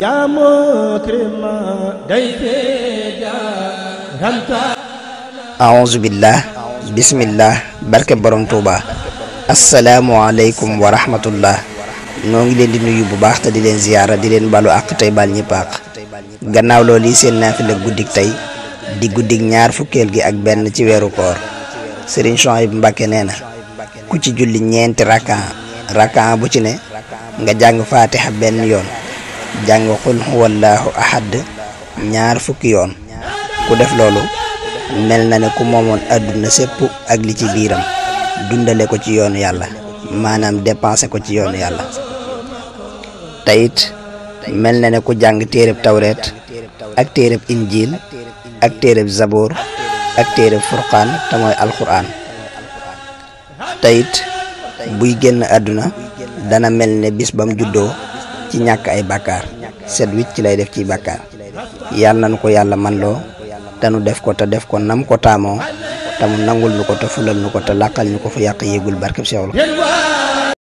يا مكرم ضيف جارمتا boroom tuuba بسم الله barke borom noo ngi leen di nuyu bu baax te di leen ziyaara di leen balu àq tey baal ñëpp àq gannaaw loolu yi seen naafila guddik tey di guddik ñaar fukkeel gi ak benn ci weeru koor Serigne Souhaïbou Mbacké nee na ku ci julli ñeenti rakkan rakkan bu ci ne nga jàng faatiha benn yoon jàng xul huwallaahu ahad ñaar fukki yoon ku def loolu mel na ne ku moomoon àdduna sépp ak li ci biiram dundale ko ci yoon yàlla maanaam dépensé ko ci yoon yàlla te mel na ne ku jàng téereb tawreet ak téereb injil ak téereb zaboor ak téereb furqaan te alxuraan te buy génn àdduna dana mel ne bis bam juddoo ci ñàkk ay bàkkaar set wicc ci lay def ciy bàkkaar yàlla nañu ko yàlla man loo te nu def ko te def ko nam ko taamoo tamu mu nangul nu ko te fulal nu ko te làqal ñu ko fu yàq yéegul barkeb Seexul